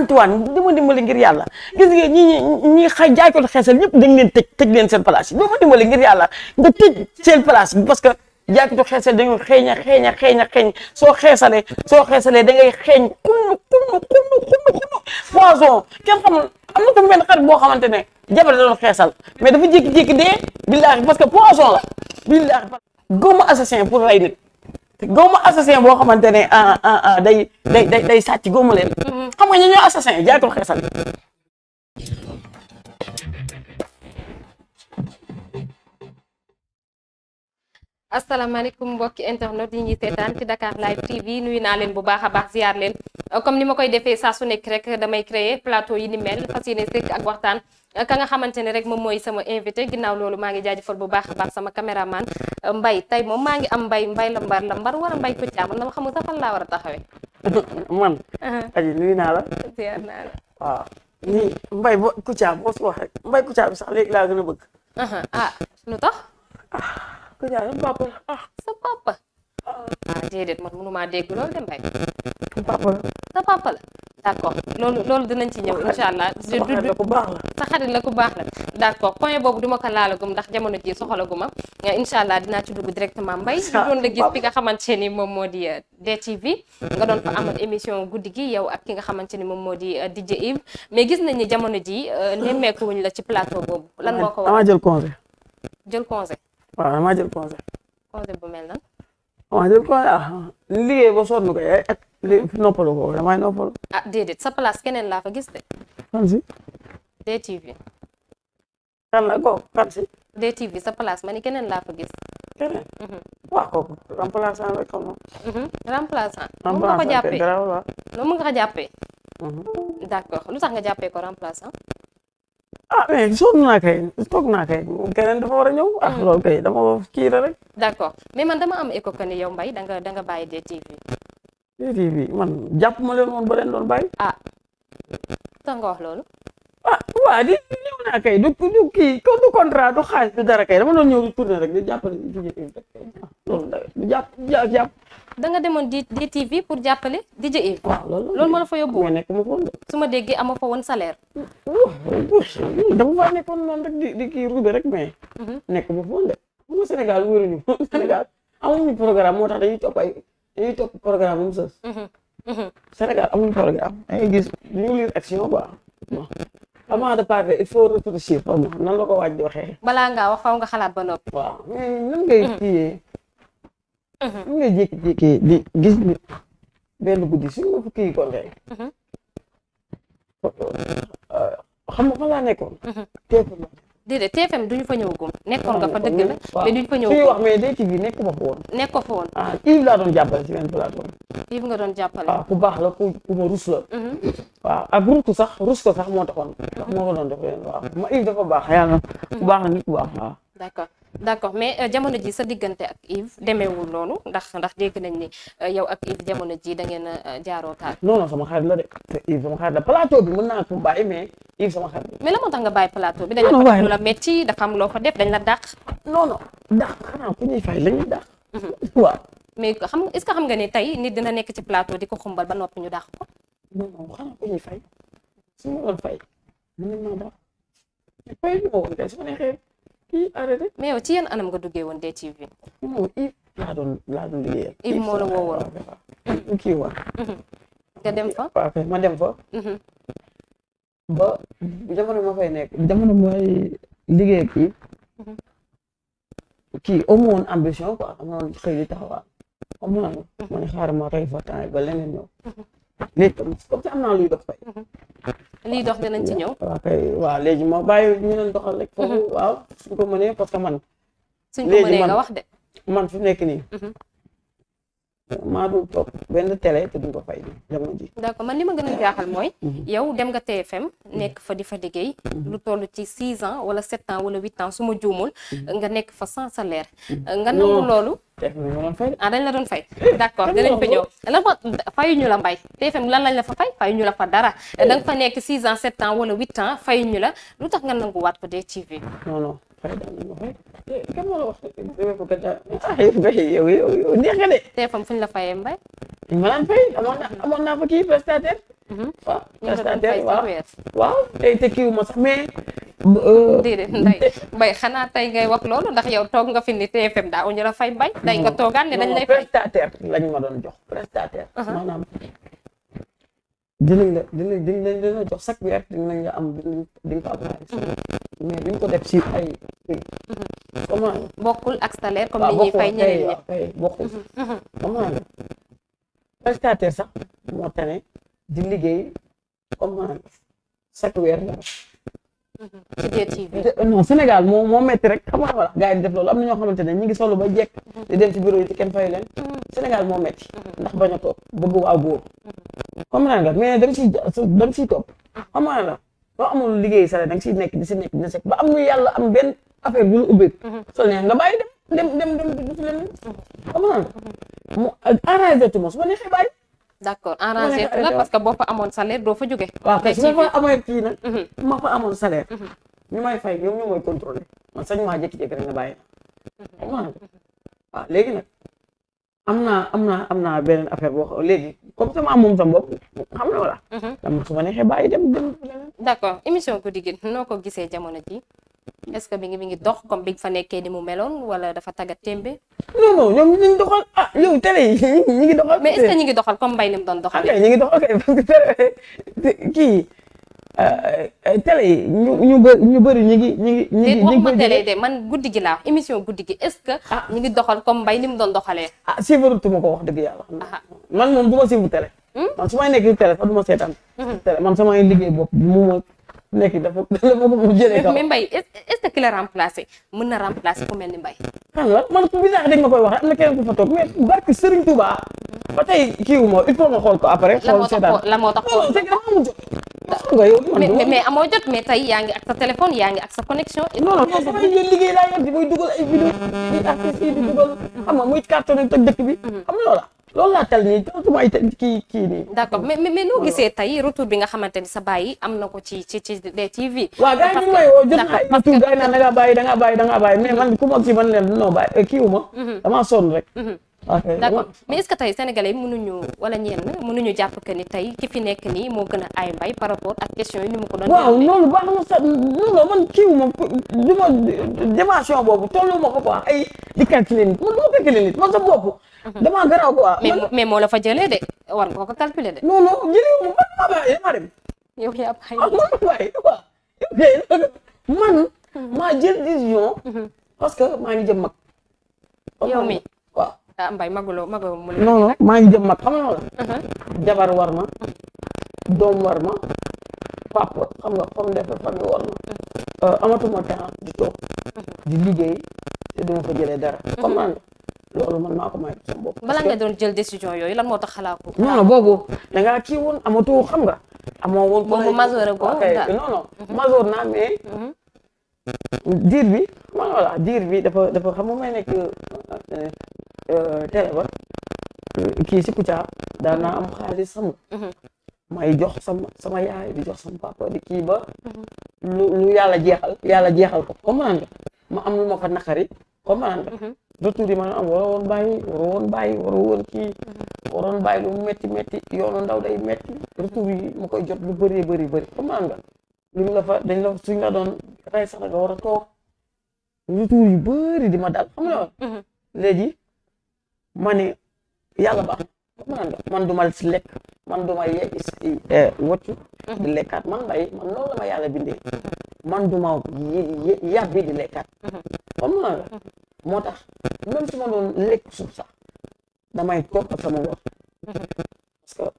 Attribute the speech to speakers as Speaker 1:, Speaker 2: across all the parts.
Speaker 1: Antoine dama dimbali ngir yàlla gis nga ñi ñi xay jaaykatu xeesal ñëpp dañ leen tëj tëj leen seen place yi dama dimbali ngir yàlla nga tëj seen place bi parce que jaaykatu xeesal dañoo xeeña xeeña xeeña xeeñ soo xeesalee soo xeesalee da ngay xeeñ kullu kullu kullu kullu kullu poison kenn xamul am na ko benn xarit boo xamante ne jabar da doon xeesal mais dafa jékki-jékki dee billaahi parce que poison la billaahi gëmma assassin pour rey nit te góob ma assassin boo xamante ne ah, ah, ah, day day day day sàcc góob ma leen. xam nga ñu ñoo assassin jaatul xeesal.
Speaker 2: asalaamaaleykum mbokki internet yi ñuy seetaan ci Dakar Live TV nuyu naa leen bu baax a baax ziar leen comme ni ma koy defee saa su nekk rek damay créer plateau yi ni mel fas yéene ak waxtaan. ka nga xamante ne rek moom mooy sama invité ginnaaw loolu maa ngi jaajëfal bu baax a baax sama caméraman euh, mbay tey moom maa ngi am mbay mbay la mbar la mbar war a mbay pëccaa man dama xamul sax fan war a taxawee
Speaker 1: man aji nuyu naa la ziar naa la nii mbay bo Kouthia boo fi wax mbay Kouthia bi sax léegi laa gën a bëgg
Speaker 2: ah lu tax ah Kouthia sa papa la ah sa papa ah déedéet man mënumaa dégg loolu de mbay. sa papa la. sa papa la d' accord loolu loolu dinañ ci ñëw xarit la ku baax la sa xarit la d' accord point boobu duma ko laalagum ndax jamono jii soxalaguma incha allah dinaa ci dugg directement mbay. incha doon la gis bi nga xamante ni moom moo di euh, DTV. nga doon fa amal émission guddi gi yow ak ki nga xamante ni moom moo di euh, DJ Yves mais gis nañ ni jamono jii euh, nemmeeku wuñ la ci plateau boobu. lan moo ko waral damaa jël congé. jël congé.
Speaker 1: waaw damaa jël congé.
Speaker 2: congé bu mel nan.
Speaker 1: waaw jël ko ah liggéey ba sonn ko ay at noppalu ko damay noppalu.
Speaker 2: ah déedéet e e mhm. mhm, mhm. sa place keneen laa fa gis de. kan si. DTV. kan la ko kan si. DTV sa place ma ni keneen laa fa gis.
Speaker 1: keneen. waaw kooku remplaçant rek comme moom.
Speaker 2: remplaçant. moom nga ko jàppee remplaçant te dara wala. moom nga ko jàppee. d'accord lu tax nga jàppee ko remplaçant.
Speaker 1: a ah, mais sonn naa kay toog naa kay keneen dafa war a ñëw. ah mm. loolu kay dama kii la rek.
Speaker 2: d'accord man dama am écho que ni yow Mbaye da nga da nga bàyyi DTV.
Speaker 1: DTV man jàpp ma leen woon ba leen doon bàyyi. ah wax loolu. ah waa di ñëw naa kay du du kii du contrat du xaalis du dara kay dama doon ñëw di tourné rek di jàppale DJ Yves rek ah, loolu du jàpp jàpp. da demoon
Speaker 2: di DTV pour jàppale di Yves. waaw
Speaker 1: loolu moo la fa yóbbu woon nekk ma foon de.
Speaker 2: su ma déggee ama fa woon saleer
Speaker 1: waaw dama faa nekkoon noonu rek di mais. Mhm. nekk ma foon de mu Sénégal wéruñu Sénégal amuñu programme moo tax dañuy topp ay dañuy topp programme am sës. Mhm, mhm. Sénégal amuñu programme dañuy gis action quoi. avant de parler il faut réfléchir xaw ma nan la ko waaj di waxee.
Speaker 2: balaa ngaa wax faw nga xalaat ba noppi. waaw mais
Speaker 1: nan ngay mm-hmm. kiiyee. Mm-hmm. nan ngay di gis nit benn guddi suñu la ko kii ko ndey. xam nga fan laa nekkoon. Mm-hmm.
Speaker 2: déedéet TFM duñu fa ñëwagum. nekkoon nga fa ah, dëgg la mais duñu fa ñëwagum suñuy wax
Speaker 1: mais DTV nekkuma fa woon. nekkoo fa woon ah Yves laa doon jàppale ci benn plateforme.
Speaker 2: Yves doon jàppale. Ah,
Speaker 1: ku baax la ku ku ma mhm. ak ruutu sax rus sax moo taxoon. ndax mhm. moo ko doon def leen waaw ma Yves dafa baax yàlla ku baax la nit ku baax
Speaker 2: d'accord mais euh, jamono ji sa diggante ak Yves demeewul noonu ndax ndax dégg nañ ni euh, yow ak Yves jamono ji da ngeen a euh, jaaroo taal.
Speaker 1: non non sama xarit la de te sama xarit la plateau bi mën naa ko bàyyi mais Yves sama xarit la.
Speaker 2: mais la moo tax nga bàyyi plateau dafa loo fa def dañ la dàq. non non
Speaker 1: dàq xanaa ku ñuy fay la ñuy dàq. Mhm. waaw.
Speaker 2: mais xam est-ce que xam nga ni tey nit dina nekk ci plateau di ko xumbal ba noppi ñu dàq ko.
Speaker 1: non non xanaa ku ñuy su ma doon fay
Speaker 2: mais yow ci yenn anam nga duggee woon DTV.
Speaker 1: non Yves laa doon laa doon liggéeyal. Yves moo la woo woon kii waa. nga dem fa. waaw ma dem fa. ba jamono ma fay nekk jamono mooy liggéey ak Yves. kii amu woon ambition quoi amoon xëy di taxawaal. comme man ma ne xaaral ma rey fa temps ba leneen ñëw. léegi comme am naa luy dox fay. Mhm.
Speaker 2: liy dox dinañ ci ñëw.
Speaker 1: waaw kay waaw léegi ma bàyyi ñu leen doxal rek. foofu mhm. waaw suñ ko mënee parce que man. suñ ko mënee nga wax de. man fu nekk ni mhm. maa dul toog benn télé te duñ ko fay bi
Speaker 2: man li ma gën a jaaxal mooy mhm. yow dem nga TFM nekk fa di fa liggéey mhm. lu toll ci six ans wala sept ans wala huit ans su ma juumul mhm. nga nekk fa sans salaire nga nangu loolu
Speaker 1: TFM la doon fay ah dañ la doon fay d'accord ñëw
Speaker 2: lan fa fayuñu la mbay TFM lan lañ la fa fay ñu la fa dara da fa nekk six ans sept ans wala huit ans ñu la lu tax nga nanguwaat ko dee
Speaker 1: non non fayda am nañu wax rek kan ma la wax dama ko gën a ah yow Mbaye yow yow neex
Speaker 2: la
Speaker 1: fay amoon na amoon naa fa kii prestataire. waaw prestataire waaw waaw tey te kii ma sax mais. déedéet Ndeye Mbaye
Speaker 2: xanaa tey ngay wax loolu ndax yow toog nga fi ni TFM daa ñu la fay Mbaye. tey nga toogaan ne dañ lay fay
Speaker 1: prestataire lañ ma doon jox prestataire. maanaam dinañ la dinañ dinañ la jox chaque weer dinañ am dinañ ko am mais ko def si ay. comment
Speaker 2: bokkul ak salaire comme ni ñuy fay ñeneen
Speaker 1: ñi bokkul mhm, mhm. comment la prestataire sax moo tane di liggéey comment chaque weer la
Speaker 3: non Sénégal
Speaker 1: moo moo metti rek xam nga wala gars yi di def loolu am na ñoo xamante ne ñu ngi solo ba jekk di dem ci bureau yi te kenn fayu leen mm-hmm. Sénégal moo metti mm-hmm. ndax bañ a toog bëgg waa góor mm-hmm. comme naa nga mais da nga siy da nga siy topp xam nga la soo amul liggéey sa da nga si nekk di si nekk dina sekk ba am lu yàlla am benn affaire bu lu ubbeek so nee nga bàyyi dem dem dem dem def leen xam nga mu arrangé tu ma su ma
Speaker 2: neexee d'accord arrangé la parce que boo amoon salaire doo fa jóge waaw kay su ma
Speaker 1: fa amee kii nag ma mhm. fa amoon salaire mhm. ñu may fay ñoom ñoo may contrôlé man sañ maa jékki-jékki rek nga bàyyi na mhm. waaw nag am na am naa beneen affaire boo xam léegi comme sama moom sama bopp xam na wala dama su ma neexee bàyyi dem dem
Speaker 2: d'accord émission Goudigui noo ko gisee jamono ji est-ce que mi ngi mi ngi dox comme bi nga fa nekkee ni mu meloon wala dafa tagga témbe
Speaker 1: non non ñoom ñu ngi doxal ah yow télé yi ñu ngi doxal mais ngi
Speaker 2: doxal comme mbay ni mu doon doxal ah, ok
Speaker 1: ngi doxal ok parce que euh, télé yi ñu ñu bëri ñu bëri ñu ngi ñu ngi ñu ngi waxuma télé
Speaker 2: de man guddi gi laa émission guddi gi est-ce que ah. ñu ngi doxal comme mbay ni mu doon doxalee
Speaker 1: ah suivre tuma ko wax dëgg yàlla ah. man moom du ma suivre télé hmm? man su may ma seetaan hmm. man samay liggéey bopp mu ma nekk dafa dafa mu jëlee kaw mais
Speaker 2: Mbaye na remplacé ku mel ni mbay xam
Speaker 1: nga man ku bizarre dañ ma koy wax rek am na keneen ku fa toog mais barke Serigne Touba. ba tey ma il faut nga xool ko après. xool seetaan la
Speaker 2: moo tax xool la
Speaker 1: moo tax xool
Speaker 2: jot mais tey yaa ngi ak sa téléphone yaa ngi ak sa connexion. non liggéey
Speaker 1: laa yor di muy dugal ay vidéo di artiste yi di dugal. Mm-hmm. dëkk bi mm-hmm. xam nga loola. loolu laa tal nii dootuma ay kii kii nii.
Speaker 2: d'accord mais mais noo gisee tey bi nga xamante ni sa baay am na ko ci ci ci des TV. waaw gars yi ñu may woo jot naa ay
Speaker 1: tur gars yi naan da man ku ma kii man leen non bàyyi kii wu ma. Mm-hmm. damaa rek. Mm-hmm. Ah, eh, d' accord
Speaker 2: oh. mais est ce que tey sénégalais yi mënuñu wala ñenn ñu jàpp que ni tey ki fi nekk nii moo gën a ay mbay par rapport ak question yi ni mu ko doon. waaw
Speaker 1: loolu baax na sa a non man boobu tollu ma ko quoi ay di calculer mhm. mais mais moo la fa jëlee de war nga ko calculer de. noonu non jëlee wu ma man maa maa dem.
Speaker 2: yow yaa bàyyi
Speaker 1: ah man man. Mhm. maa jël décision. Mhm. parce que maa ngi jëm mag. yow mi.
Speaker 2: Ah, mbay maguloo maguloo mu
Speaker 1: maa ngi jëm mag xam nga uh-huh. war ma doom war ma papa xam nga comme defe famille war ma uh-huh. euh, amatuma temps di toog uh-huh. di liggéey te duma fa jëlee dara comme man loolu man maa may sama bopp nga
Speaker 2: doon jël décision yooyu la moo tax xalaat ko
Speaker 1: non boobu da ngaa kii woon amatoo xam nga amoo woon boobu naa mais diir bi dafa dafa xam nga may nekk euh, Euh, télé ba kii si Kouthia daan naa am xaalis sama mhm. may jox sama yaay di jox sama papa di kii ba mhm. lu lu yàlla jeexal yàlla jeexal ko comprendre ma am lu ma ko naqari comprendre retour mhm. yi ma am wara woon bàyyi wara woon bàyyi wara woon kii lu metti metti yoonu ndaw day metti retour yi koy jot lu bari bëri bëri comprendre luñ la fa dañ la suñ la doon rey sax nga a toog retour yu di ma dal xam nga léegi ma ne yàlla baax na man du ma lekk man du ma yegg si eh, woccu di mhm. lekkaat man bay man loolu la ma yàlla bindee man du yàbbi di lekkaat mhm. mhm. moo tax même suma ma doon lekk suuf sax damay toog ak sama wax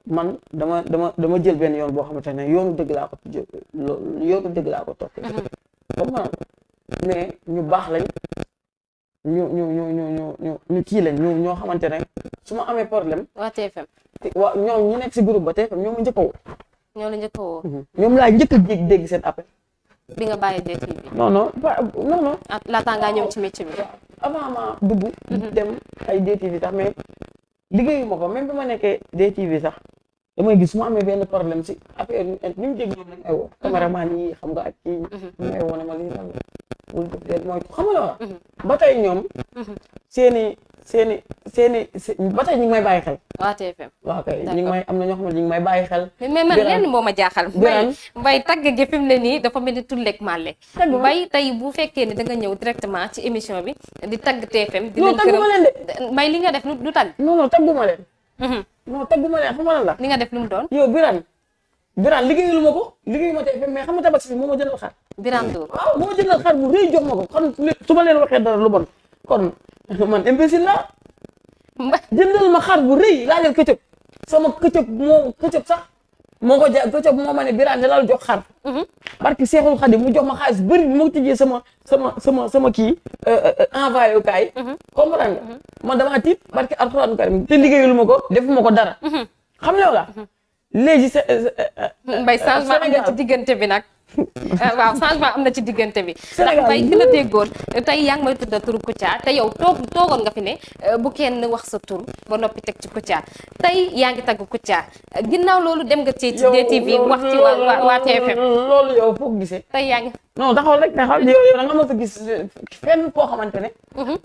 Speaker 1: man dama dama dama jël benn yoon boo xamante ne yoonu dëgg laa yoonu dëgg laa ko toog xam ñu baax lañ ñu ñu ñu ñu ñu ñu kii lañ ñu ñoo xamante ne su ma amee problème. waa TFM. waa ñoom ñu nekk si groupe ba TFM ñoom njëkk a woo.
Speaker 2: ñoo la njëkk a woo.
Speaker 1: Mhm. ñoom laa njëkk a dégg dégg seen appel.
Speaker 2: bi nga bàyyi DTV. non non non non. Ah, laataa ngaa ñëw ci métier bi.
Speaker 1: avant ma dugg. Mhm. dem ay DTV sax mais liggéeyu ma ko même bi ma nekkee DTV sax damay gis su ma amee benn problème si affaire ni mu dégg ñoom lañ ay woo. Mhm. cameraman yi xam nga ak kii. ñu may woo na ma lii bul def xam nga loola ba tey ñoom seeni seeni seeni ba tey ñu ngi may bàyyi xel waa TFM waaw kay ñu ngi may am na ñoo xam ne ñu ngi may bàyyi moo ma jaaxal mbay
Speaker 2: mbay tagg gi fi mu ne nii dafa mel ni tulleeg màlle mbay tey bu fekkee ne da nga ñëw directement ci émission bi di tagg TFM di leen a mbay li nga def lu tagg non non tagguma
Speaker 1: leen mhm. non ma leen xam nga lan la li nga def lu mu doon yow biran biran liggéeyu ma ko liggéeyu ma TFM mais xam nga tabaski bi moo ma xar Birame mm. Ndour waaw ah, moo jëndal jox ma ko kon su ma leen waxee dara lu bon kon man imbécile la jëndal ma xar bu rëy laajal këcëb sama këcëb moo këcëb sax moo ko ja këcëb moo ma ne Birame la jox xar. Mm-hmm. barki Seexul Xadim mu jox ma xaalis bëri bi ma tijjee sama sama sama sama kii euh, euh, euh, envoyé wu kaay. Mm-hmm. comprendre nga mm-hmm. man damaa tiit barki Alxuraan Karim te liggéeyul ma ko defuma ko dara. xam nga la léegi.
Speaker 2: mbay changement am na ci diggante bi nag. Eh, waaw changement am na ci diggante bi. Sénégal ndax ki la déggoon tey yaa ngi may tudd turu Kouthia te yow toog toogoon nga fi ne eh, bu kenn wax sa tur ba noppi teg ci Kouthia tey yaa ngi tagg Kouthia eh, ginnaaw loolu dem nga. ci ci DTV wax ci waa waa TFM.
Speaker 1: loolu yow foog gisee. tey yaa ngi. non taxaw rek ne xam hmm. yow yow da nga mos gis fenn koo xamante ne. Hmm.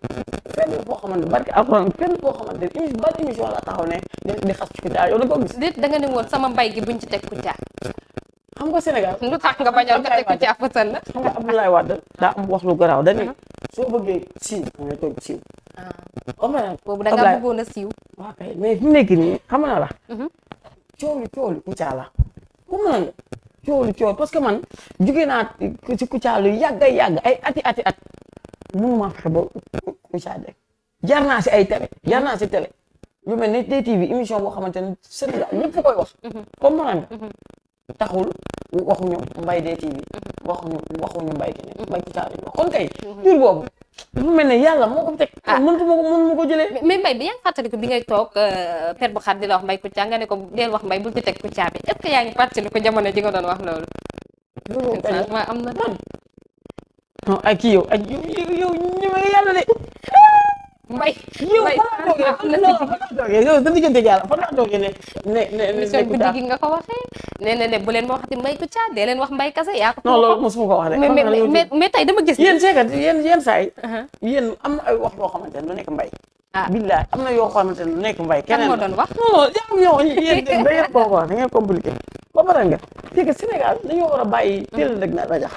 Speaker 1: fenn koo xamante barke alxuraan fenn koo xamante ne émi ban émission la taxaw ne di xas ci Kouthia yow da nga gis. déet da nga ne woon sama
Speaker 2: mbay gi buñ ci teg Kouthia. xam nga Sénégal. lu tax nga bañal nga ko ci afatal la. xam nga
Speaker 1: Abdoulaye Wade daa am wax lu garaaw dañ ne uh-huh. soo bëggee siiw da ngay toog siiw. xam nga
Speaker 2: nag boobu da nga a siiw. waaw
Speaker 1: kay mais fi mu na la. coolu uh-huh. coolu Kouthia la. xam nga nag coolu coolu parce que man jugee naa ci ay yàgg ay ati ati at mënu maa fexe ba Kouthia de jar naa si ay télé jar naa si télé. lu boo xamante ne taxul waxuñu mbay de TV waxuñu waxuñu Mbaye ki ne Mbaye ki taal lañu wax kon kay jur boobu dafa mel ne yàlla moo ko teg mëntu ma ko mën ma
Speaker 2: ko bi yaa ngi fàttaliku bi ngay toog per bu xaar di la wax Mbaye Kouthia nga ne ko deel wax Mbaye bul ci teg Kouthia bi est-ce yaa ngi fàttaliku jamono ji nga doon
Speaker 1: wax loolu ma am na non ay kii yow ak yow yow ñëwee yàlla de mbay yow fan laa toogee a fan laa toogee yow sa diggante yàlla fan laa toogee ne
Speaker 2: nga ko waxee ne ne ne bu leen ma waxati mbay ku caa dee leen kase yaa ko non loolu
Speaker 1: mosuma ko wax de mais
Speaker 2: mais tey dama gis yéen seekat
Speaker 1: yéen yéen saa yi yéen am na ay wax loo xamante ne lu nekk mbay ah billaay am na yoo xamante ne lu nekk mbay keneen moo doon wax non yaam yow ko wax da ba pare nga c'est que Sénégal a bàyyi teel dëgg na rajax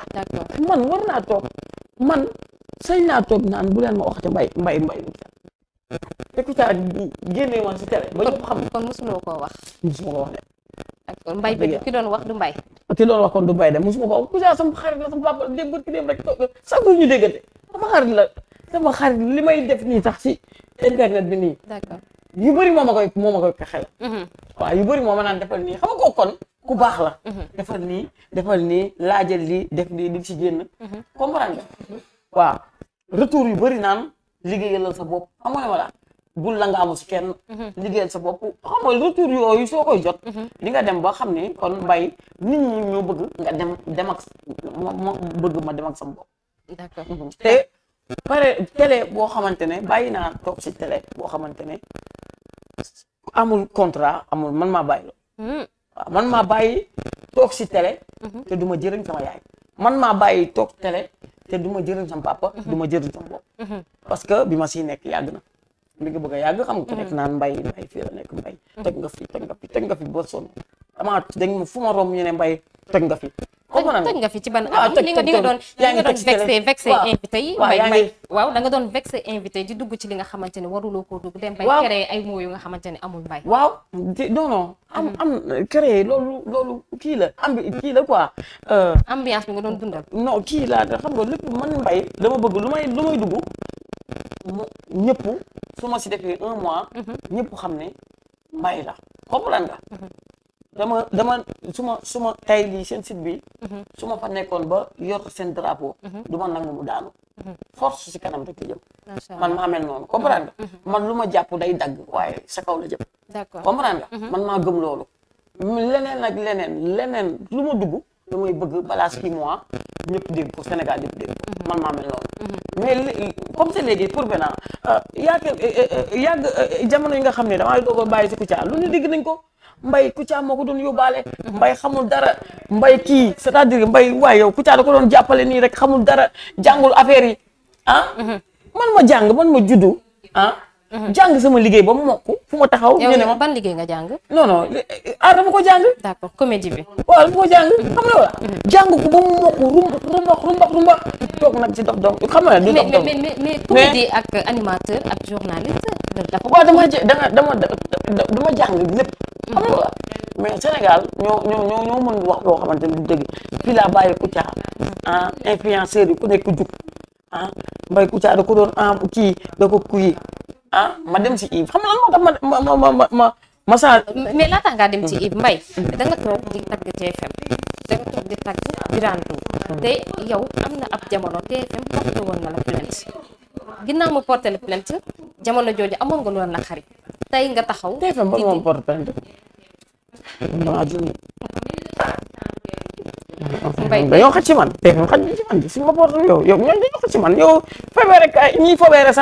Speaker 1: man war toog man sañ naa toog naan bu leen ma waxati mbay bay mbay te ku caa génne woon si télé ba ñëpp xam koo wax mosuma ko wax de d'accord ki doon wax du mbay ki doon wax du mbay de mosuma ko wax ku caa sama xarit la sama papa démb ñu déggante sama xarit la sama xarit li may def nii tax si internet bi nii d'accord yu bëri moo ma koy moo ma koy xel mm-hmm. waaw yu bëri moo ma naan defal nii xam nga ko kon ku baax la mm-hmm. defal nii defal nii laajal def nii di si génn
Speaker 3: mm-hmm. comprendre nga
Speaker 1: waaw retour yu bëri naan liggéeyalal sa bopp xam nga wala bul langa nga amul si kenn. Mhm. liggéeyal sa bopp xam nga retour yooyu soo koy jot. li mhm. nga dem ba xam ni kon mbay nit ñi ñoo bëgg nga dem dem ak bëgg ma dem ak sama bopp. d'accord mhm. te pare boo xamante ne bàyyi naa toog si télé boo xamante ne amul contrat amul man maa bàyyi loolu. man maa bàyyi toog si télé. te du ma jëriñ sama yaay man maa bàyyi toog télé. te du ma jëriñ sama papa. Mhm. du ma jëriñ sama bopp. Mhm. parce que bi ma siy nekk yàgg na. li nga bëgg a yàgg xam nga. nekk mhm. naan mbay mbay fii la nekk mbay. teg nga fi teg nga fi teg nga fi ba sonn. damaa dañ ma fu ma romb ñu ne mbay teg nga fi toj nga fi ci ban am li nga doon li nga doon vexé yi mbay
Speaker 2: waaw danga doon vexé invité di dugg ci li nga xamante ne waruloo koo dugg dem bay créé ay mots yu nga xamante
Speaker 1: ne amul mbay waaw non am am créé loolu loolu kii la am kii la quoi ambiance bi nga doon dundal no kii la xam nga lépp man mbay dama bëgg lu may lu may su ma si defee un mois ñëpp xam ne mbay la comprendre nga dama dama su ma su ma tey lii seen site bi mhm. su ma fa nekkoon ba yor seen drapeau mhm. du ma nangu mu daanu mhm. force si kanam rek jëm man maa mel noonu comprendre man lu ma jàpp day dagg waaye sa kaw la jëm
Speaker 2: d'accord comprendre nga man
Speaker 1: maa leneen ak leneen leneen lu ma dugg damay bëgg balaa six mois ñëpp dégg ko Sénégal ñëpp dégg ko man maa mel noonu mais comme c'est léegi pour benn yàgg yàgg yi nga xam ne damay doog a bàyyi si Kouthia lu ñu dégg nañ ko mbay Kouthia moo ko doon yóbbaale mbay xamul dara mbay kii c'est-à-dire mbay waay yow Kouthia da ko doon jàppale nii rek xamul dara jàngul affaire yi ah man ma jàng man ma juddu ah jàng sama liggéey ba mu mokk fu ma taxaw. ñu ne ma
Speaker 2: ban liggéey nga jàng.
Speaker 1: non ah, ko jàng. d'accord comédie bi. waaw ko jàng. Mhm. xam nga wala. Mhm. jàng ko toog nag ci dox dox xam nga du ak animateur ak journaliste. waaw dama dama dama dama jàng lépp. xam nga mais Sénégal ñoo ñoo ñoo mën wax loo xamante ni dëgg fii laa bàyyi Kouthia ah influenceur yi ku nekk jug ah Mbaye Kouthia da ko doon kii da ko kuyi ah, ma dem si Yves xam nga lan ma ma ma ma ma ma saa. mais laata ngaa dem ci Yves Mbaye da toog di tagg TFM
Speaker 2: da toog di tagg Birane Ndour te am na ab jamono TFM porté woon na la plainte ginnaaw mu porté la plainte jamono jooju amoon nga loolu la xarit tey nga taxaw.
Speaker 1: tey fa mën nga porté mbay dañoo xaj ci man tey moom xaj bi ci man si ma boor yow yow ñoom sax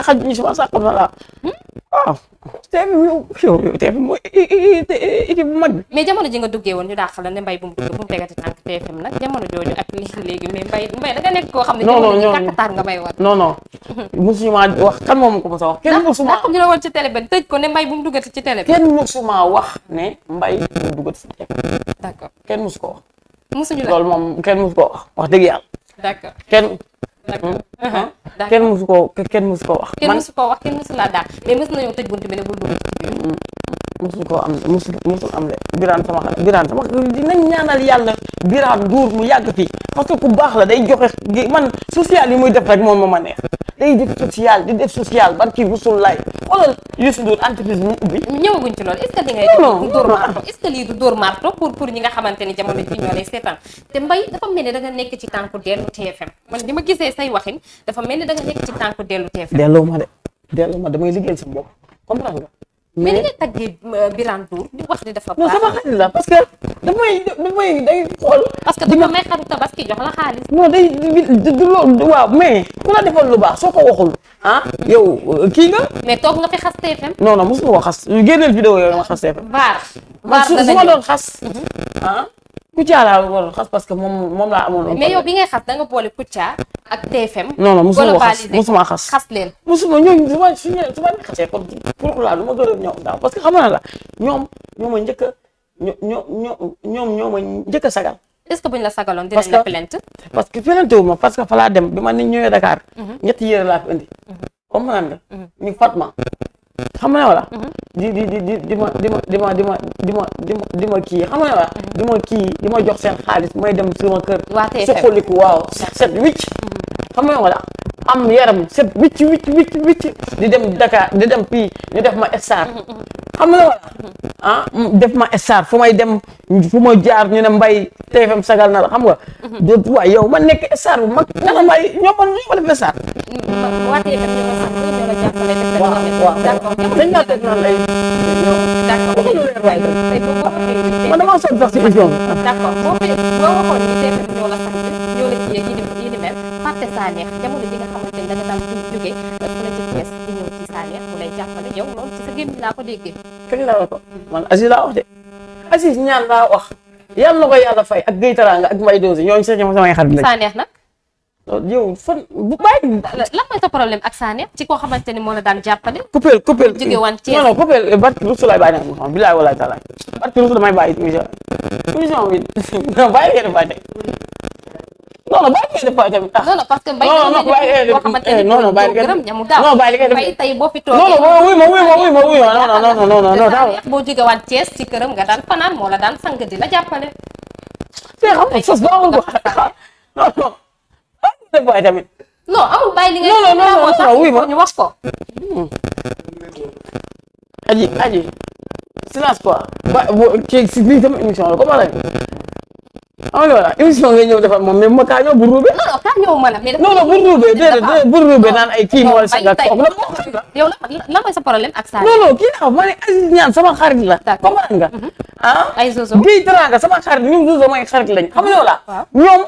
Speaker 1: xaj ñu si man sax kon la waaw tey yow yow tey mooy équipe bu mag bi.
Speaker 2: mais jamono ji nga duggee woon ñu dàq la ne mbay bu mu dugg bu mu tegati tànk TFM nag jamono koo xam ne. non non kàkkatar nga may war.
Speaker 1: non non mosuñu maa wax kan moom ko mos a wax.
Speaker 2: kenn ci télé bi ko ne mbay bu mu duggati ci télé
Speaker 1: bi. kenn mosuma wax ne mbay bu mu duggati ci télé bi. d'accord kenn mosu ko wax. mosuñu la loolu moom kenn mosu koo wax wax dëgg yàlla. d'accord kenn. Hmm? Uh-huh. kenn mosu koo kenn mosu koo wax. kenn mosu
Speaker 2: koo wax kenn mosu laa daal mais mës nañoo tëj bunt bi ne bul dugg
Speaker 1: ci biir. Hmm. musul koo am musul musul am de biraan sama xarit biraan sama dinañ ñaanal yàlla biraan nguur mu yàgg fii parce que ku baax la day joxe man social yi muy def rek moom moo ma neex day def social di def social barki musul laay xoolal mu ubbi. ñëwaguñ ci loolu est ce que li
Speaker 2: ngay du dóor marto pour pour ñi nga xamante ni jamono ji ñoo lay seetaan te mbay dafa mel ni da nekk ci tànku dellu TFM man li ma gisee say waxin dafa mel ni da nga nekk ci tànku dellu TFM. dellu
Speaker 1: ma de dellu ma damay liggéey mais ni nga tàggee
Speaker 2: euh, Birane Ndour di wax di dafa baax. la parce que damay damay
Speaker 1: day parce que dafa may xaru tabaski jox la xaalis. non day du loolu waaw mais ku la defal lu baax soo ko waxul ah, yow euh, kii nga.
Speaker 2: mais toog nga fi xas TFM.
Speaker 1: non non mosuma ko xas génneel vidéo yow nga xas TFM.
Speaker 2: vaar vaar danañu man
Speaker 1: xas. Mhm. Ah, Kouthia laa waroon xas parce que moom moom laa amoon. mais yow
Speaker 2: bi ngay xas da nga boole Kouthia ak TFM. non non musuma xas musuma xas xas leen.
Speaker 1: musuma ñoom su ma su ma xasee kon pour laa du ma gërëm ñoom daaw parce que xam na la ñoom ñoo ma njëkk a ñoo ñoo ñoom ñoo ma njëkk a sagal. est-ce
Speaker 2: que buñ la sagaloon dinañ la plainte.
Speaker 1: parce que plainte wu ma parce que fa laa dem bi ma ni ñëwee Dakar. Mhm. ñetti yére laa fi indi. Mhm. comprendre nga. ñu mhm. Fatma xam nga ne wala mm-hmm. di di di di di ma di di ma di ma di ma di ma di ma kii xam nga mm-hmm. kii di ma jox seen xaalis may dem sama kër suqaliku waaw set wicc mm-hmm. xam nga ne wala am yaram set wicc wicc wicc di dem Dakar di dem fii ñu def ma star xam nga wala ah, def ma star fu may dem fu ma jaar ñu ne mbay TFM sagal na xam nga dootu waay yow ma nekk star bu mag nga na mbay ñoo ma ñoo ma def dañ laa teg naan ay.
Speaker 2: d'accord waxuñu weer waay doon. tey boo ko waxee ñu tey
Speaker 1: man damaa sonn sax sax ñoo
Speaker 2: la jiyee yi ni mel fàtte saa neex jamono ji nga ci Thiès di ñëw ci saa neex mu lay jàppale ci sa gémmiñ laa ko déggee. kañ
Speaker 1: laa la ko man Aziz laa wax de Aziz ñaan laa wax yàlla na ko yàlla fay ak Guèye Tara nga ak Maïdou Nzi ñooñu sax ñoom samay xarit lañ. saa neex yow fan bu bàyyi.
Speaker 2: lan mooy sa problème ak Sané ci koo xamante ni moo la daan jàppale.
Speaker 1: coupé coupé jóge woon Thiès non non coupé barki Rusu laay bàyyi nekk bilaay walaay taala barki Rusu damay bàyyi émission émission bi non bàyyi ngeen fay teg non non bàyyi ngeen fay tamit. non non
Speaker 2: parce que mbay. non non bàyyi ngeen boo xamante ni eh, non non bàyyi ngeen ñamu daaw non bàyyi ngeen fay tey boo fi toogee. non non wuy ma wuy ma wuy
Speaker 1: ma wuy ma non non non non non non.
Speaker 2: boo jóge woon Thiès ci këram nga daan fanaan moo la daan sang di la jàppale.
Speaker 1: te xam nga sos baaxul ko non non booy tamit.
Speaker 2: non amul bàyyi li nga. non non non wuy
Speaker 1: ma ñu wax ko. aji aji silence quoi. ba boo kii si lii sama émission la comment lañ. am na wala émission ngay ñëw defar moom mais ma kaa ñëw bu ruubee. non non kaa ñëw ma la mais. non non bu ruubee déedéet bu ruubee naan ay kii moo la si ak kooku
Speaker 2: la. yow lan mooy sa problème ak saa non non
Speaker 1: kii naa ma ne Aziz Niane sama xarit la. comprendre nga. Mhm. ah ay zozo. bii tëraanga sama xarit ñun zozo mooy xarit lañ. xam nga wala ñoom.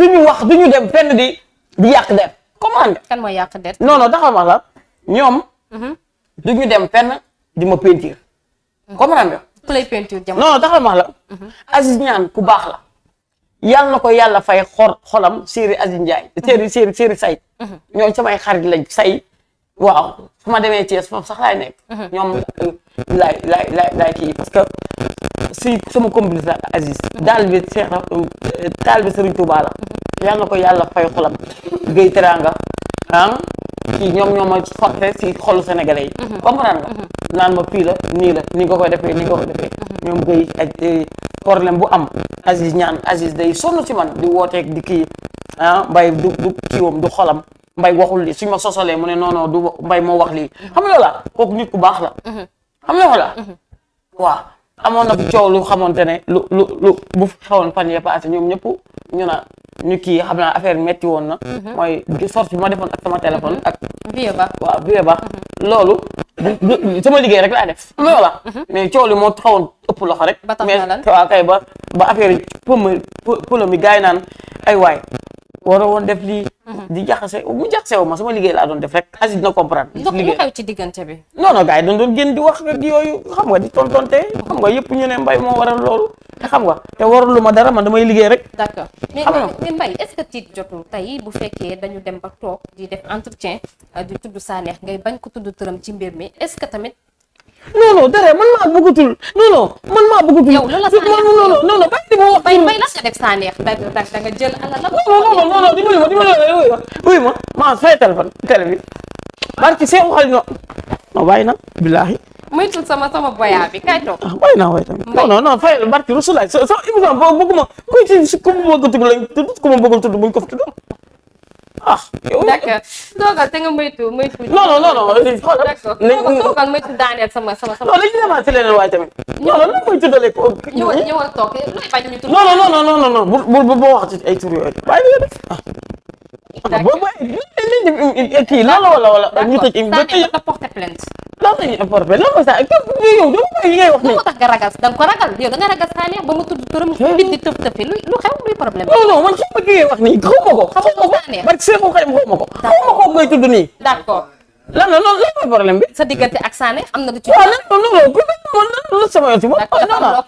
Speaker 1: du ñu wax du ñu dem fenn di di yàq der comment.
Speaker 2: kan mooy yàq der. non
Speaker 1: non taxaw ma la ñoom. Mm-hmm. du ñu dem fenn di ma peinture. Mm-hmm. comprendre nga.
Speaker 2: ku lay peinture jamono non non
Speaker 1: taxaw ma la. Aziz Niane ku baax la. yàlla na ko yàlla fay xor xolam Serigne Aziz Ndiaye. Mm-hmm. Serigne Serigne Serigne Say. ñooñu samay xarit lañ Say. waaw su ma demee Thiès foofu sax laay nekk. ñoom euh, laay laay laay kii parce que si sama complice la daal bi Cheikh daal bi Serigne Touba la yal na ko yàlla fay xolam géy teraanga ah ci ñoom ñoo ma si xolu sénégalais yi mhm. comprendre nga mhm. naan ma fii la nii la ni nga koy defee ni nga koy defee mhm. ñoom géy ak euh, problème bu am Aziz ñaan Aziz day sonn ci man di wooteeg di kii ah mbay du du kiiwam du xolam mbay waxul lii suñ ma sosolee mu ne non du mbay moo wax lii xam nga la kooku nit ku baax la
Speaker 3: xam
Speaker 1: nga la waaw amoon nag fi coow lu xamante ne lu lu lu bu xewoon fan yee passé ñoom ñëpp ñu na ñu kii xam naa affaire metti woon na. Mhm. mooy sorte ma defoon ak sama téléphone. ak mhm. vie ba mhm. loolu sama liggéey rek laa def. loola mais coow li moo xawoon ëpp loxo rek. ba tax na lan mais waaw kay ba ba affaire yi pël mi gars yi naan ay waay waroo woon def lii. Mhm. di jaxase bu jaxase wu ma sama liggéey laa doon def rek Aziz dina comprendre. liggéey xew
Speaker 2: ci diggante bi.
Speaker 1: non non gars yi doon doon génn di wax di yooyu xam nga di tontonte xam nga yëpp ñu ne mbay moo waral loolu te xam nga te lu ma dara man damay liggéey rek. d'
Speaker 2: accord mais mais mbay est ce que tiit jotul tey bu fekkee dañu dem ba toog di def entretien euh, di tudd Sanekh ngay bañ ko tudd tëram ci mbir mi est ce que tamit
Speaker 1: non non dara man maa bëggatul non man maa bëggatul. yow loolu la saa neex non non
Speaker 2: non non bàyyi di ma wax. sa def saa ma dimbali
Speaker 1: ma ma maa fay téléphone télé barki seen xol no non bàyyi na billahi
Speaker 2: moytul sama sama boya bi kaay toog. ah
Speaker 1: bàyyi naa waay tamit non non non fayal barki rusulaay kuy ci ku ma bëgg tudd lañ tudd ku ma ah yow
Speaker 2: d'accord toogal te nga moytu moytu. non non non non d'accord toogal moytu daaneel sama sama sama. non dañuy
Speaker 1: demaat si leneen waaye tamit. ñëw lan mooy tuddalee ko. ñëwal
Speaker 2: ñëwal toog looy bañ
Speaker 1: ñu kii loolu wala wala. ñu ko ci ba tey nga porté plainte. loolu la ñuy apporté loolu mooy sax yow
Speaker 2: li ngay wax nii. tax nga ragal da nga ko ragal yow da nga ragal Sané ba mu tudd turam. bit di tëf tëfi lu xew luy problème. non man xam nga li ngay wax nii xaw ma ko. xaw ma ko lan la loolu lan la problème bi. sa diggante ak Sané am na lu ci. waaw non non
Speaker 1: non non sama yoon si moom. non non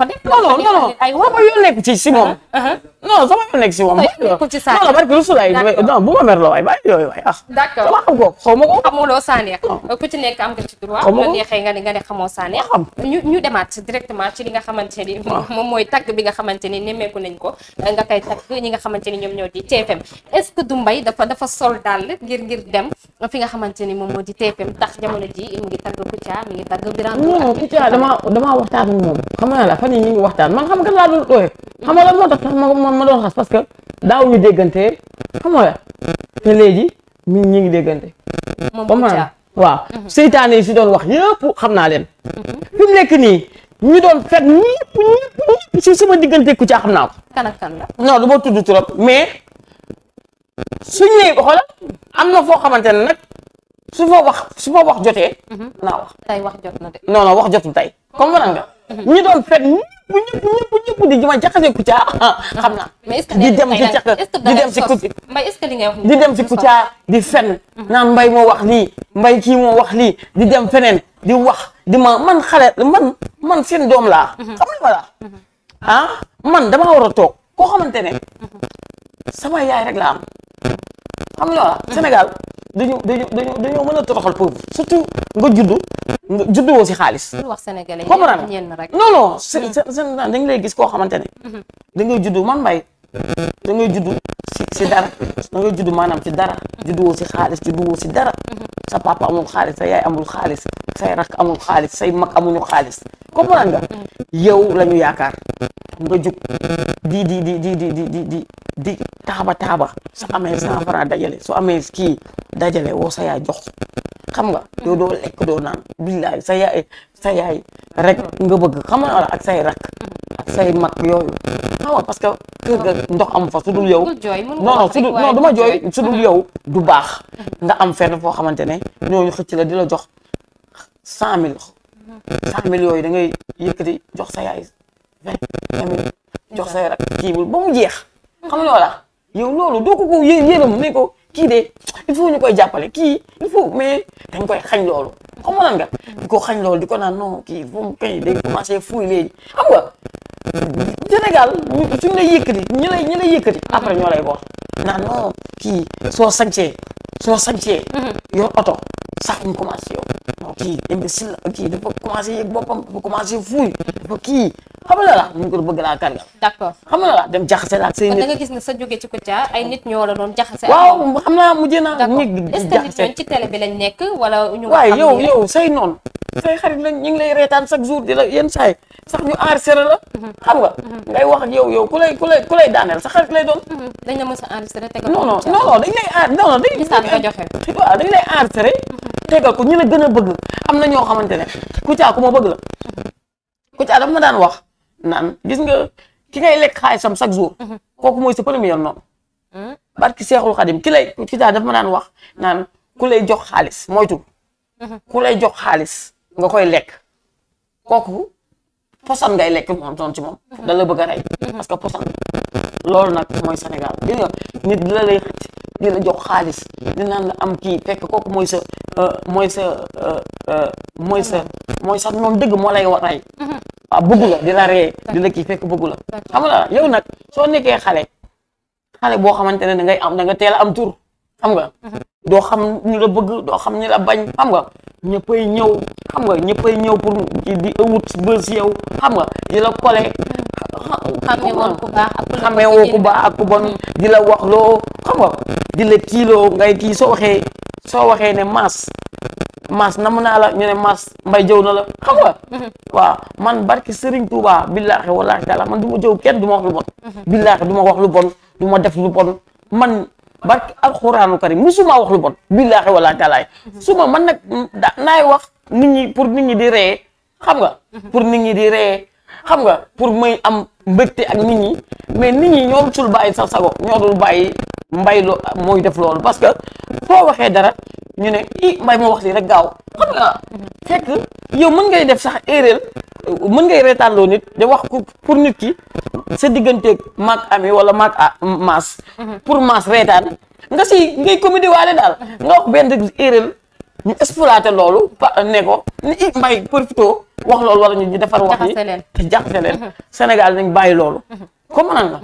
Speaker 1: non sama yoon nekk ci si moom. Uh-huh, uh-huh. non sama yoon nekk si moom. non non barke Rusulaay non bu ma mer la waay bàyyi yooyu waay ah. d'accord sama xam ko xaw ma ko. xamuloo Sané oh.
Speaker 2: euh, ku ci nekk am nga ci droit. xaw ma ko neexee nga ne nga ne xamoo Sané. ñu ñu demaat directement ci li nga xamante ni. Ah. moom mooy tagg bi nga xamante ni nemmeeku nañ ko. Euh, nga koy tagg ñi nga xamante ni ñoom ñoo di TFM est-ce que du mbay dafa dafa sol daal ngir ngir dem fi nga xamante ni moom moo ci TFM tax jamono ji mu ngi tagg Kouthia mi ngi tagg Birane Touré. non Kouthia damaa
Speaker 1: damaa waxtaan moom xam nga la fan yii ñu ngi waxtaan man xam nga laa doon ooyee. xam nga lan moo tax ma ma doon xas parce que daaw ñu déggante xam nga te léegi ñun ñu ngi déggante. moom Kouthia waaw. Mhm. seytaane yi si doon wax yëpp xam naa leen. Mhm. fi mu ñu doon fekk si sama diggante ku caa xam naa ko. kan ak kan la. non du ma tudd am na foo xamante ne nag su ma wax su ma wax jotee. Mhm. naa wax
Speaker 2: tey wax jot na de. non
Speaker 1: non wax tey comme ma nga. Mhm. ñi doon fet ñëpp ñëpp ñëpp ñëpp di ma jaxase Kouthia xam naa. mais est-ce que di dem ci caq di dem ci Kouthia.
Speaker 2: mbay est-ce que li ngay wax di dem ci Kouthia
Speaker 1: di fen. Mhm. naan mbay moo wax lii mbay kii moo wax lii di dem feneen di wax di ma man xale man man seen doom laa. xam nga ma laa ah, man damaa war a toog koo xamante ne sama yaay rek laa am. xam nga ah Sénégal dañu dañoo mën a toroxal pauvre surtout nga juddu nga juddoo si xaalis.
Speaker 2: wax sénégalais ñenn rek comprendre non non. seen
Speaker 1: mm-hmm. dañ lay gis koo xamante ne. Mm-hmm. da ngay judd man mbay da ngay juddu si dara da ngay juddu maanaam si dara judduwoo si xaalis judduwoo si dara mm-hmm. sa papa amul xaalis sa yaay amul xaalis say rakk amul xaalis say mag amuñu xaalis comprendre nga mm-hmm. la ñu yaakaar nga jug di di di di di di di di taaba taaba su amee cent franc dajale su amee kii dajale woo sa yaay jox xam nga yow mm-hmm. doo lekk doo naan billaay sa yaay sa rek nga bëgg xam nga ak say rakk ak say mag yooyu xam ah parce que kër ndox am fa su dul yow non non su dul non du ma yow du baax nga am fenn foo xamante ne ñooñu xëcc la di la jox cent mille cent mille yooyu da ngay yëkkati jox sa yaay jox sa yaay ak kii bi ba mu jeex xam loola yow loolu doo ko ko yéenam ne ko kii de il faut ñu koy jàppale kii il faut mais dañ koy xañ loolu xam nga lan di ko xañ loolu di ko naan non kii il faut kay day commencé fuuy léegi xam nga senegal suñ lay yëkkati ñu lay ñu après ñoo lay boor naan non kii soo sancee soo sancee mhm. yor oto sa ñu commencé yow non kii imbécile la kii dafa commencé yëg boppam dafa commencé fuuy dafa kii xam nga la ñu ko bëgg laa kàrgal d'accord xam la la dem jaxase la ak say nit da nga
Speaker 2: gis ne sa jóge ci Kouthia ay nit ñoo la doon jaxase waaw
Speaker 1: xam naa mujjee naa ñu jaxase est-ce que ci
Speaker 2: télé bi lañ nekk wala ñu waaye yow yow
Speaker 1: say noon say xarit lañ ñu ngi lay reetaan chaque jour di la yenn saay sax ñu enregistré la. Mhm. xam nga mhm. ngay wax ak yow yow ku lay ku lay ku lay daaneel sa xarit
Speaker 2: lay doon. Mhm. dañ la mës a enregistré tegal ko. non non non dañ lay en non ko ñu
Speaker 1: la a bëgg am na ñoo xamante ne Kouthia ku ma bëgg la. Kouthia dafa ma daan wax naan gis nga ki ngay lekk xaalisam chaque jour. kooku mooy sa premier noonu. Hmm? barki Seexul Xadim ki lay Kouthia dafa ma daan wax naan ku lay jox xaalis moytu. ku lay jox xaalis. nga koy lekk kooku poson ngay lekk moom doon ci moom da la bëgg a rey mhm. parce que poson loolu nag mooy senegal gis nga nit dina la lay jox xaalis di naan la am kii fekk kooku mooy sa euh, euh, euh, mooy sa mooy sa mooy sa noonu dëgg moo lay war rey waaw mhm. ah, bëggu la di la ree di kii fekk bëggu la xam nga yow nag soo nekkee xale xale boo xamante ne da ngay am da teel a am tur xam nga mhm. doo xam ñu la bëgg doo xam ñu la bañ xam nga ñëppay ñëw xam nga ñëw pour di wut si yow xam nga di la kole
Speaker 2: xamee woon
Speaker 1: baax ak bon di la wax loo xam nga di la kiiloo ngay kii soo waxee soo waxee ne maas na namu naa la ñu ne maas mbay jëw na la xam nga waa man barki Serigne Touba billaahi wallaahi taala man du jëw kenn du ma wax lu bon
Speaker 3: billaahi
Speaker 1: du ma wax lu bon du def lu bon ak barke alxuraanu karim suma wax lu bon billaahi wala taalaay suma man nag naay wax nit ñi pour nit ñi di ree xam nga pour nit ñi di ree xam nga pour may am mbégte ak nit ñi mais nit ñi ñoo dul bàyyi sa sago ñoo dul bàyyi mbay loo mooy def loolu parce que foo waxee dara ñu ne i mbay moo wax lii rek gaaw xam nga fekk yow mën ngay def sax éeréel mën ngay reetaanloo nit da wax ko pour nit ki sa digganteeg maag ami wala maag maas
Speaker 3: mhm. pour maas
Speaker 1: reetaan nga si ngay comédie waale daal nga wax benn erreur ñu exploité loolu pa ne ko ni i may profito wax loolu wala ñu defar wax yi te jaxase leen mhm. Sénégal nañ bàyyi loolu comme nan la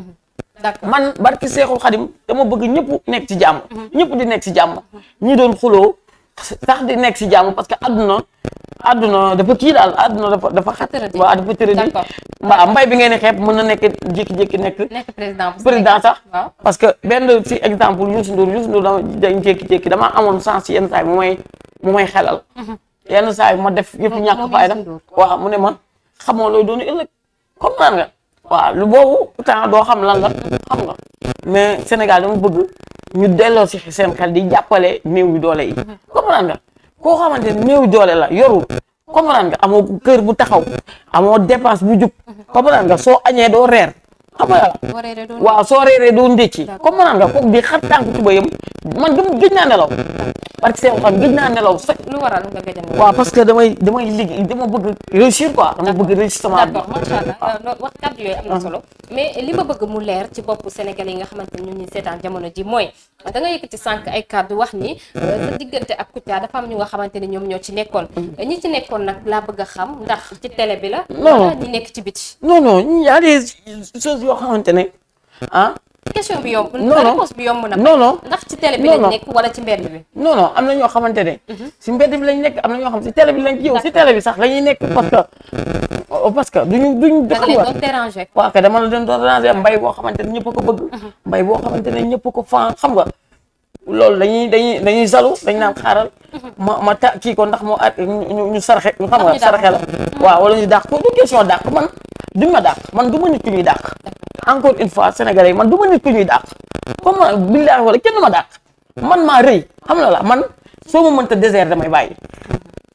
Speaker 1: d'accord man barki Seexul Xadim dama bëgg ñëpp nekk ci jàmm mhm. ñëpp di nekk ci jàmm ñi doon xuloo tax di nekk ci jàmm parce que àdduna àdduna dafa kii daal àdduna dafa dafa xat. waaw mbay bi ngeen di xeeb mën na nekk jékki-jékki nekk. nekk président président sax. parce que benn si exemple Youssou Ndour Youssou Ndour dama jékki-jékki damaa amoon sens yenn saa yi mu may xelal. Mhm. yenn saa ma def yëpp ñàkk fayda waaw mu ne ma xamoo looy doon ëllëg comprendre nga. waaw lu boobu pourtant doo xam lan la xam nga mais Sénégal dama bëgg ñu delloo si seen xel di jàppale néew yu doole yi mhm. comprendre nga. koo xamante ne néew doole la yorul comprendre nga amoo kër bu taxaw amoo dépense bu jub comprendre nga soo añee doo reer xam nga waaw soo reeree doo ndécci comprendre nga kooku di xar tànk ci ba yëm man du gëj naa nelaw parce que xam gëj naa nelaw
Speaker 2: sax. lu waral nga gëj a nelaw parce
Speaker 1: que damay damay liggéey dama bëgg réussir quoi. dama bëgg réussir sama. d'accord
Speaker 2: ah. ah. mais li ma bëgg mu leer ci bopp Sénégalais yi nga xamante ni ñu ngi seetaan jamono ji mooy da nga yëkkati sànq ay kàddu wax ni euh, diggante ak Kouthia dafa am ñu nga xamante ni ñoom ñoo ci nekkoon. Mm. ñi ci nekkoon nag laa bëgg a xam ndax ci télé bi la. non ñi nekk ci biti.
Speaker 1: non non y a des yoo xamante ne ah
Speaker 2: question bi yomb. non na. non non ndax ci télé bi lañ nekk am
Speaker 1: na ñoo xamante ne. si mhm. mbedd lañ nekk am na ñoo xam si télé bi lañ. yow si télé bi sax lañuy nekk parce que. Oh, parce que duñu duñu. da nga leen doon déranger. waaw kay dama la doon déranger mbay boo xamante ne ñëpp ko bëgg. Mhm. mbay boo xamante ne ñëpp ko fan xam nga. loolu dañuy dañuy dañuy salu dañ naan xaaral mhm. ma ma ta kii ko ndax moo at ñu ñu saraxe la waaw wala ñu dàq ko du question dàq man duñ ma dàq man du ma nit ku ñuy dàq encore une fois sénégalais man du ma nit ku ñuy dàq comme man wala kenn ma dàq man maa rëy xam na la man soo ma mënta désert damay bàyyi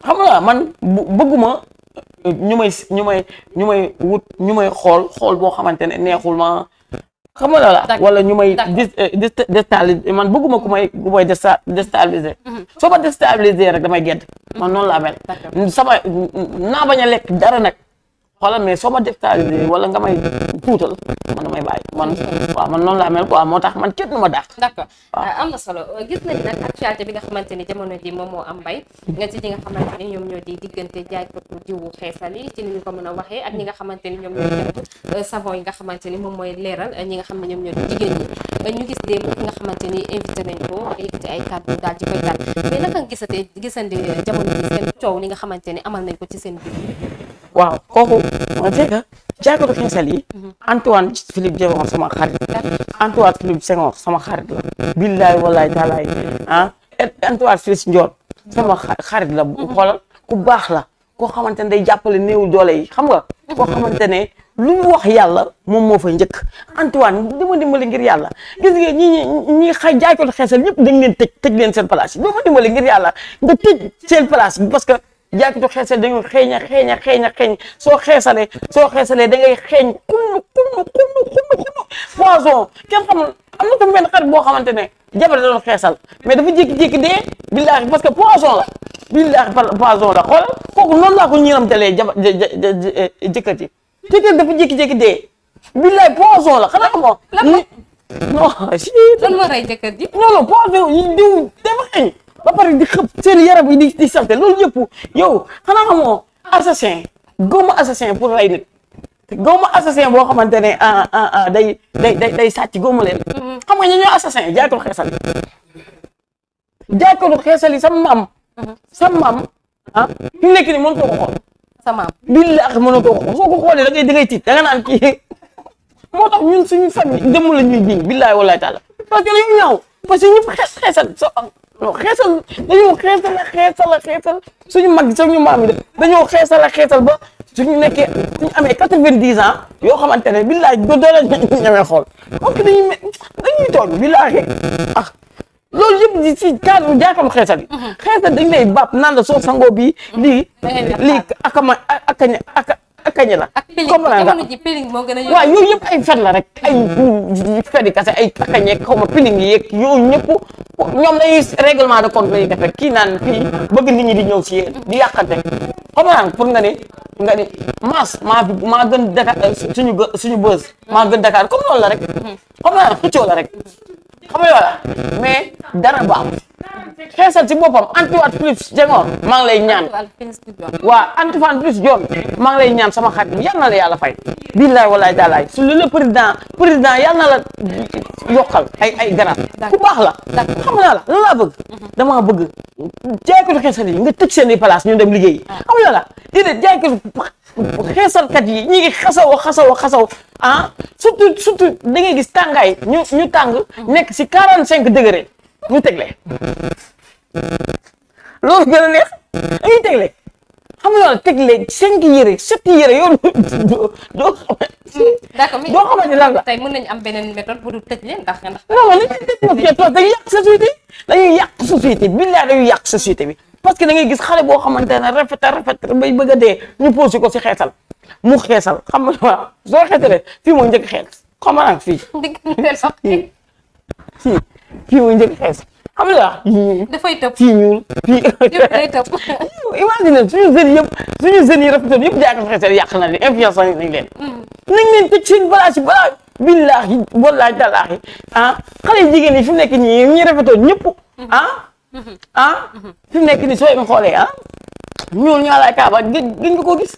Speaker 1: xam na la man bëgguma euh, ñu may ñu may ñu may wut ñu may xool xool boo xamante ne neexul ma xam nga la wala ñu may euh, déstabiliser man bëgguma ku may ku may déstabiliser mhm. soo ma déstabiliser rek damay gedd man noonu laa mel sama naa bañ a lekk dara nag xoolal mais soo ma déstabiliser wala nga may tuutal man may bàyyi man waaw man noonu laa mel quoi moo tax man kenn du ma dàq. d'accord
Speaker 2: euh, am na solo euh, gis nañ nag actualité bi nga xamante ni jamono ji moom moo am mbay nga ci ñi nga xamante ñoom ñoo di diggante jaaykatu jiwu xeesal yi ci ni ñu ko mën a waxee ak ñi nga xamante ni ñoom ñoo def euh, savon yi nga xamante ni moom mooy leeral ñi nga xam ne ñoom ñoo di jigéen ñi ñu gis démb ki nga xamante ni invité nañ ko yëkkati ay kàddu daal ci koy daal mais nga gisatee gisandi coow li nga xamante ne amal nañ ko ci seen biir.
Speaker 1: waaw kooku on dirait que jàngatu xeesal yi. Antoine Philippe wa sama xarit. Antoine Philippe Senghor sama xarit la. billaay walaay taalaay ah Antoine Félix Ndiol sama xarit la. xoolal ku baax la. koo xamante ne day jàppale néewul doole yi xam nga. koo xamante ne lu mu wax yàlla moom moo fa njëkk Antoine dama dimbali ngir yàlla gis nga ñi ñi ñi xay jaay ko xeesal ñëpp dañ leen tëj tëj leen seen place yi dama dimbali ngir yàlla nga tëj seen place bi parce que. jaakatu xeesal dañoo xeeñ a xeeñ a xeeñ a xeeñ soo xeesalee soo xeesalee da ngay xeeñ xunnu xunnu xunnu xunnu xunnu poison kenn xamul am na ko benn xarit boo xamante ne jabar da doon xeesal mais dafa jékki-jékki dee billaahi parce que poison la billaahi poison la xoolal kooku noonu laa ko ñiiramtalee jaba eh, jëkkër ji jëkkër dafa jékki-jékki dee billaahi poison la xanaa moom non si lan moo rey jëkkër ji non non poison yi diw dafa xëy ba pare di xëpp seen yaram yi di di salte loolu yëpp yow xanaa xamoo assassin gawma assassin pour rey nit gawma assassin boo xamante ne ah, ah, ah, day day day day sàcc gawma leen mm-hmm. xam nga ñu ñoo assassin jaay ko xeesal jaay ko xeesal maam Mm-hmm. sa maam ah fi mu nekk nii mënutoo ko xool. sa maam billaahi mënutoo ko soo ko xoolee da ngay da ngay tiit da nga naan kii moo tax ñun suñu famille dem la ñuy jiñ billaahi wallaahi taala parce que dañu ñaaw parce que ñëpp xees xeesal soo ah, non xeesal dañoo xeesal a xeesal suñu mag suñu maam yi de dañoo xeesal a xeesal ba suñu nekkee suñu amee quatre-vingt-dix ans yoo xamante ne billaahi doo doole ñamee xool parce que dañuy dañuy tool billaahi ah loolu yëpp di ci cadre jaakaam xeesal yi mhm. xeesal dañ lay bàpp naan la soo sangoo bi mhm. lii lii akama akañ aka akañ la comprendre
Speaker 2: nga waaw yooyu
Speaker 1: yëpp ay fen la rek ay fenni kase ay akañeeg xaw ma piling yeeg yooyu ñëpp ñoom dañuy règlement de compte def kii naan fii bëgg nit ñi di ñëw ci yéen di yàqante comprendre pour nga nga ne maas maa maa gën Dakar suñu suñu bës maa gën Dakar comme loolu la rek mhm. xam nga la mais dara bu am ci boppam Antoine plus Senghor maa ngi lay ñaan waaw Antoine plus John maa ngi lay ñaan sama xarit yal na la yàlla fay billaay walaay daalaay su lu la président président yal na la yokkal ay ay garab ku baax la xam naa la lan laa bëgg mhm. damaa bëgg jaaykatu xeesal yi nga tëj seen i place ñu dem liggéey ah. xam nga la déedéet jaaykatu xeesalkat yi ñi ngi xasaw xasaw xasaw ah surtout surtout da ngay gis tàngaay ñu ñu tàng nekk si quarante cinq degré ñu tegle loolu gën a neex dañuy tegle xam nga loolu tegle cinq yére sept yére yow doo doo
Speaker 2: doo xamante lan la. tey mën nañu am beneen méthode bu dul tëj leen ndax. non
Speaker 1: non li ñuy tëj dañuy yàq société dañuy yàq société bi billaay dañuy yàq société bi. parce que da ngay gis xale boo xamante ne rafet a rafet bay bëgg a dee ñu posé ko si xeesal mu xeesal xam nga waaw soo xeesalee fii mooy njëkk xees xam nga nag fii. fii fii mooy njëkk xees xam nga dafay tëb fii ñun fii. yëpp day tëb. imagine suñu jeunes yàq na leen influence nañ leen. Mm. nañ leen ah, yi fi mu nekk ñi ñi rafetoon ñëpp mm. ah. ah fi mu nekk nii soo ma xoolee ah ñuul ñoo laay kaaba gëj gëj nga koo gis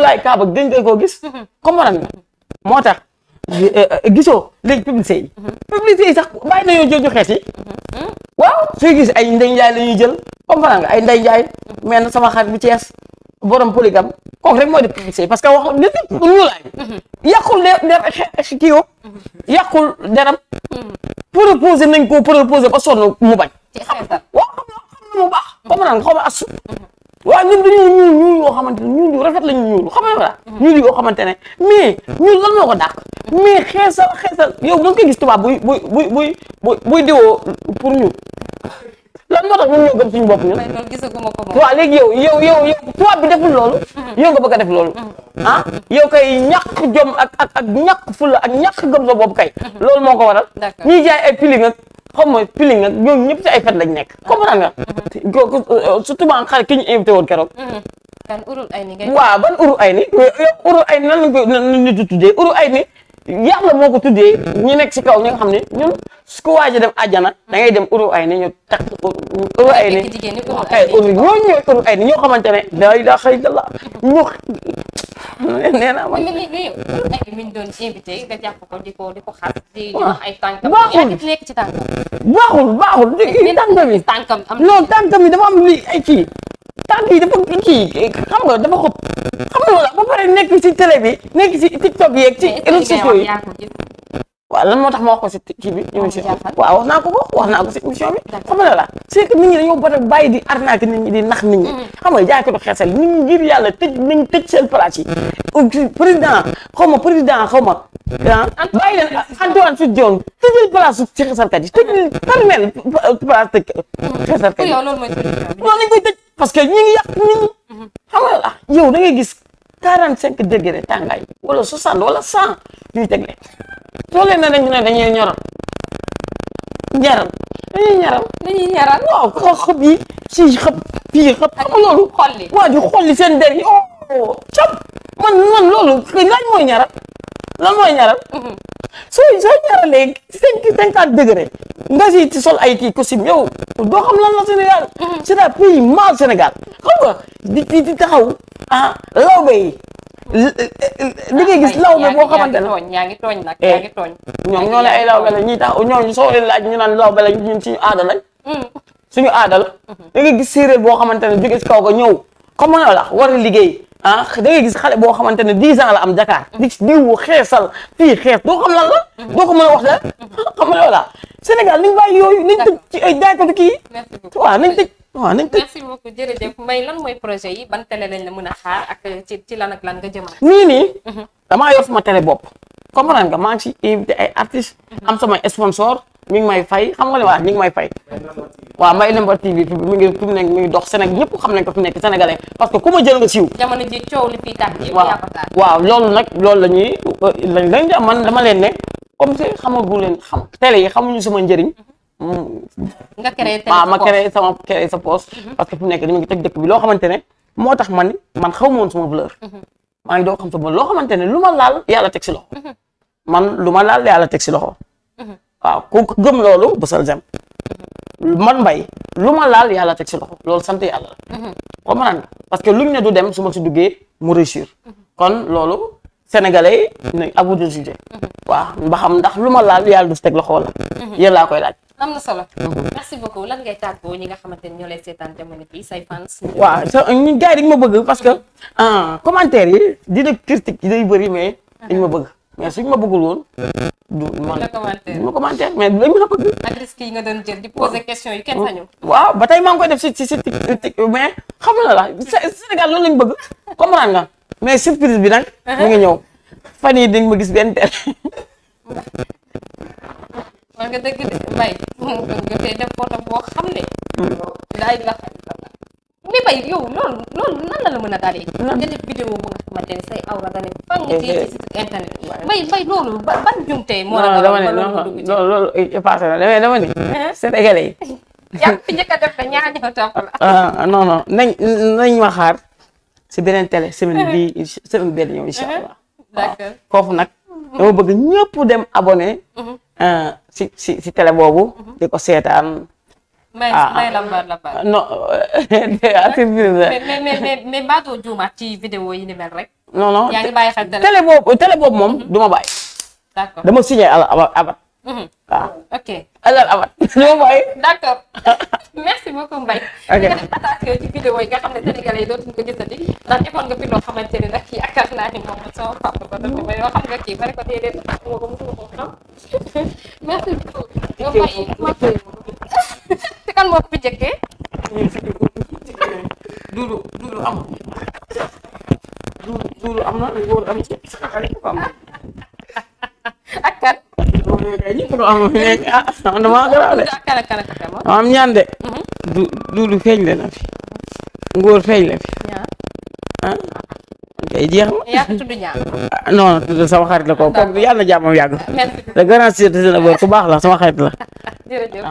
Speaker 1: laay kaaba gëj nga koo gis comprendre nga moo tax eh, eh, gisoo léegi publicité yi sax bàyyi nañoo jël ju xees yi waaw suy gis ay ndey njaay la ñuy jël comprendre nga ay ndey njaay mel na sama xarit bu Cees borom polygame kooku rek mooy di publicité parce que wax nit ñuulaay yàqul der eh, kii yàqul deram mm-hmm. proposé nañ ko proposé ba sonn mu bañ ci xeetal waaw xam na xam na mu baax. comprendre xaw ma as. waaw ñun dañuy ñuul ñuul yoo xamante ne ñuul yu rafet la ñu ñuul xam nga la. Mm-hmm. ñuul yoo xamante ne mais ñuul lan moo ko dàq. Mm-hmm. mais xeesal xeesal yow da nga koy gis tubaab buy buy buy buy buy diwoo pour ñuul lan moo tax ñun ñoo gëm suñu bopp ñun. loolu
Speaker 2: gisaguma ko moom. waaw léegi yow yow yow yow tubaab bi deful loolu. Mm-hmm. yow nga bëgg a def loolu.
Speaker 1: ah yow kay ñàkk jom ak ak ak ñàkk fulla ak ñàkk gëm sa bopp kay. loolu moo ko waral. d'accord ñuy jaay ay pili nag. xam mooy piling ak ñoom ñëpp ci ay fet lañ nekk comprendre nga mhm. euh, surtout ma xale ki ñu invité woon keroog
Speaker 2: ban mhm. urul ay ni ngay waaw ban urul
Speaker 1: ay ni urul ay nan lañ koy nan ñu tuddee urul ay ni yàlla moo ko tuddee ñu nekk si kaw ñi nga xam ne ñun su ko waaj a dem àjjana mhm. da ngay dem urul ay ni ñu takk urul ay ni urul ñooñu ñooy ay ni ñoo xamante ne la ilaha illallah ñu nee naa ma. mais
Speaker 2: doon invité nga jàpp ko di di ko xas. di wax ay tànkam nekk ci tànkam.
Speaker 1: baaxul baaxul kii tànkam yi tànkam am non tànkam yi dafa am li ay kii. tànk yi dafa kii xam nga dafa xob xam nga ba pare nekk ci télé bi nekk ci tiktok yeeg ci réseaux sociaux yi. waaw lan moo tax ma wax ko si kii bi. émission bi waaw wax naa ko ko wax naa ko si émission bi. xam nga la c'est que nit ñi dañoo bëri bàyyi di arnaque nit ñi di nax nit ñi. Mm-hmm. xam nga jaaykatu xeesal nit ñi ngir yàlla tëj nañ tëj seen place yi. président xaw ma président xaw ma. ah bàyyi leen ah, Antoine Félix Diome tëjal place ci xeesalkat yi tëj nañ permettre place tëj mm-hmm. xeesalkat yi. loolu mooy président bi. noonu lañ koy tëj parce que ñu ngi yàq nit ñi. Mm-hmm. xam nga la yow da ngay gis. quarante cinq degré tàngaay wala soixante wala cent ñuy tegle soo leen ne dañu ne dañuy ñoral ñaral dañuy ñaral dañuy ñaral waaw ko xëb yi si xëb fii xëb xam nga loolu xolli waa di xolli seen der yi oh cap man man loolu laaj mooy ñaral lan mooy ñaral soo mm-hmm. soo ñaralee cinq cinquante degré nga si ci sol ay kii costume yow doo xam lan la Sénégal mm-hmm. c'est un pays mal Sénégal xam di di taxaw ah lawbe yi li ngay gis ah, lawbe boo xamante ne
Speaker 2: ñaa ngi tooñ nag ñaa eh, ngi tooñ
Speaker 1: ñoo ne ay lawbe la ñuy taxaw ñooñu soo laaj ñu naan lawbe la ñun suñu aada lañ mm-hmm. suñu aada la da ngay gis séeréer boo xamante ne jóge si kaw ga ñëw comme ne la war liggéey ah da gis xale boo xamante ne dix ans la am Dakar di diwu xeesal fii xees doo xam lan la doo ko mën a wax daal xam nga loola Sénégal niñ bàyyi yooyu nañ tëj ci ay jaaykatu kii waa nañ tëj waaw nañ tëj
Speaker 2: merci beaucoup lan mooy projet yi ban télé lañ la mën a xaar ak ci lan ak lan nga jëmal nii nii mhm.
Speaker 1: damaa yor sama télé bopp comprendre nga maa ngi si invité ay artistes mhm. am sama sponsor mu ngi may fay xam nga ne waa mi may fay waaw Mbaye Lemba TV mi ngi fi mu nekk mi ngi ñëpp xam nañ ko fi nekk sénégalais parce que ku ma jël nga siiw
Speaker 2: jamono ji coow waaw
Speaker 1: waaw loolu nag loolu la ñuy lañ lañ man dama leen ne comme que xamagu leen xam télé yi xamuñu sama njëriñ mm-hmm. nga créé waaw ma créé sama créé sa poste mm-hmm. parce que fi nekk ni mu ngi teg dëkk bi loo xamante ne moo tax man man xaw ma woon sama valeur mm-hmm. maa ngi doo xam sama loo xamante ne lu ma laal yàlla teg si loxo man lu ma laal yàlla teg si loxo waaw ku gëm loolu bësal jëm man mbay lu ma laal yàlla teg si loxo loolu sant yàlla la mhm. comprendre nga parce que lu ñu ne du dem su ma si duggee mu réussir mhm. kon loolu sénégalais yi ne abou de juger mhm. waaw mba xam ndax lu ma laal yàlla du si teg loxo la yéen laa koy laaj
Speaker 2: am na solo. merci beaucoup lan ngay tàggoo ñi nga xamante ni ñoo lay seetaan jamono fii say fans. waaw
Speaker 1: ñu gars yi dañ ma bëgg parce que ah, commentaire yi dina critique yi day bëri mais dañ ma bëgg. mais suñ ma bëggul woon. du man du ma commentaire mais dañ ma bëgg.
Speaker 2: nga doon jël di poser question yu kenn sañu.
Speaker 1: waaw ba tey maa ngi koy def si si si mais xam nga la Sénégal loolu lañ bëgg comprendre nga mais surprise bi nag. Uh-huh. mu ngi ñëw fan yii dañ ma gis benn télé.
Speaker 2: nga dëgg de Mbaye nga mais bay yow loolu loolu nan la la mën a dalee. nga def vidéo bu nga xamante ne say aw la nga ne fan nga ci site internet. bay bay loolu ban jumte moo la dama ne loolu
Speaker 1: loolu effacé na damay dama ne. Sénégalais yi.
Speaker 2: yaa fi njëkk a def ñaar ñëw topp
Speaker 1: la. non non nañ nañ ma xaar si beneen télé semaine bii semaine benn ñëw incha allah. d'accord foofu nag. dama bëgg ñëpp dem abonné. Mm-hmm. Ah, si si si télé boobu. Mm-hmm. di ko seetaan.
Speaker 2: mais may lambar lambar. non.
Speaker 1: mais
Speaker 2: mais mais mais baatoo juumaat ci vidéo yi ni mel rek.
Speaker 1: no non yaa ngi bàyyi xel télé boobu télé boobu moom mhm. du ma bàyyi. d'accord dama signé waaw mm-hmm. ah. ok alal amat moom mooy
Speaker 2: d'accord merci beaucoup Mbaye nga def attention ci vidéo yi nga xam ne a yi dootuñu ko gisati ndax defoon nga fi loo xamante ne nag yaakaar naa ni moom sama papa ba daf ma yoo xam nga kii ma ne ko déedéet ndax moo ko mosuma ko xam merci beaucoup yow Mbaye si kan moo ko fi jëkkee
Speaker 1: duulu duulu amul duulu duulu am na góor am ci ak kan. ñëpp
Speaker 2: ko am léegi ah man damaa garaale. am ñaan de.
Speaker 1: Mm-hmm. du duudu feeñ la na fi. ngóor feeñ la fi. ah. kay jeex
Speaker 2: na.
Speaker 1: Ah, sama xarit la ko kooku na jàmmam yàgg. le grand chef de la boor ku baax la sama xarit la.
Speaker 2: Ah,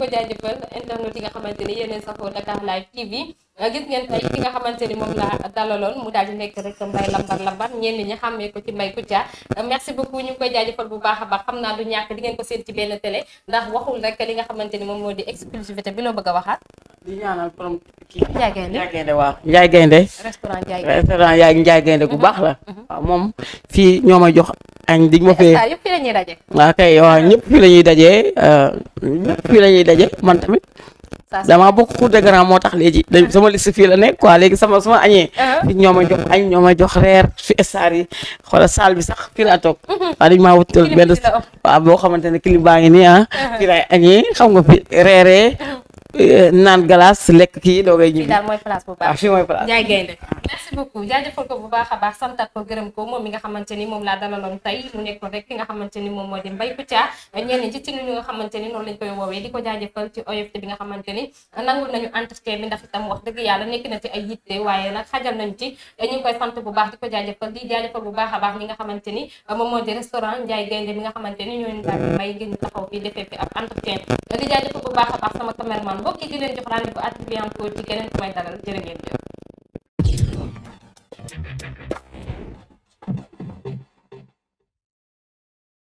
Speaker 2: euh, xamante ni yéen Euh, gis ngeen tey ki nga xamante ni moom la dalaloon mu daal di nekk rek mbay lambar lambar ñenn ñi xàmmee ko ci mbay Kouthia euh, merci beaucoup ñu ngi koy jaajëfal bu baax a baax xam naa du ñàkk di ngeen ko seen ci benn télé ndax waxul rek li nga xamante ni moom moo di exclusivité bi loo bëgg a waxaat di ñaanal borom kii Njaay Gaynde Njaay Gaynde
Speaker 1: waaw Njaay Gaynde restaurant Njaay Gaynde restaurant bu baax la mm-hmm. moom fii ñoo may jox añ di ma fee
Speaker 2: yëpp fii la ñuy daje
Speaker 1: waaw kay ñëpp fii la ñuy daje euh, ñëpp fii la ñuy daje man tamit dama bokk cours de grand moo tax léegi sama liste fii la nekk a léegi sama suma añee uh-huh. fi ñoo a jox ma jox reer fi star yi xoola salle bi sax fii laa toog uh-huh. waaw dañ maa wutal benn waaw boo xamante ne clim baa ngi nii ah uh-huh. fii laay añee xam nga reeree naan glace lekk kii a ah,
Speaker 2: ni moom laa dalaloon tey mu nekkoon rek ki nga xamante moo di Mbaye Kouthia ñenn ci ci ñu nga xamante ni noonu lañ koy woowee di ko jaajëfal ci OFT bi nga xamante ni nangul nañu entretien bi ndax itam wax dëgg yàlla nekk na ay yitte waaye nag xajal nañu ci ñu koy sant bu baax di ko jaajëfal di jaajëfal bu baax a baax ñi nga xamante ni moom moo di restaurant Ndiaye Gaynde mi nga xamante ni ñooñu daal may ngeen taxaw fii defee fi ab entretien di jaajëfal bu baax a sama cameraman mbokk yi di leen jox daal di ku may dalal jërë ngeen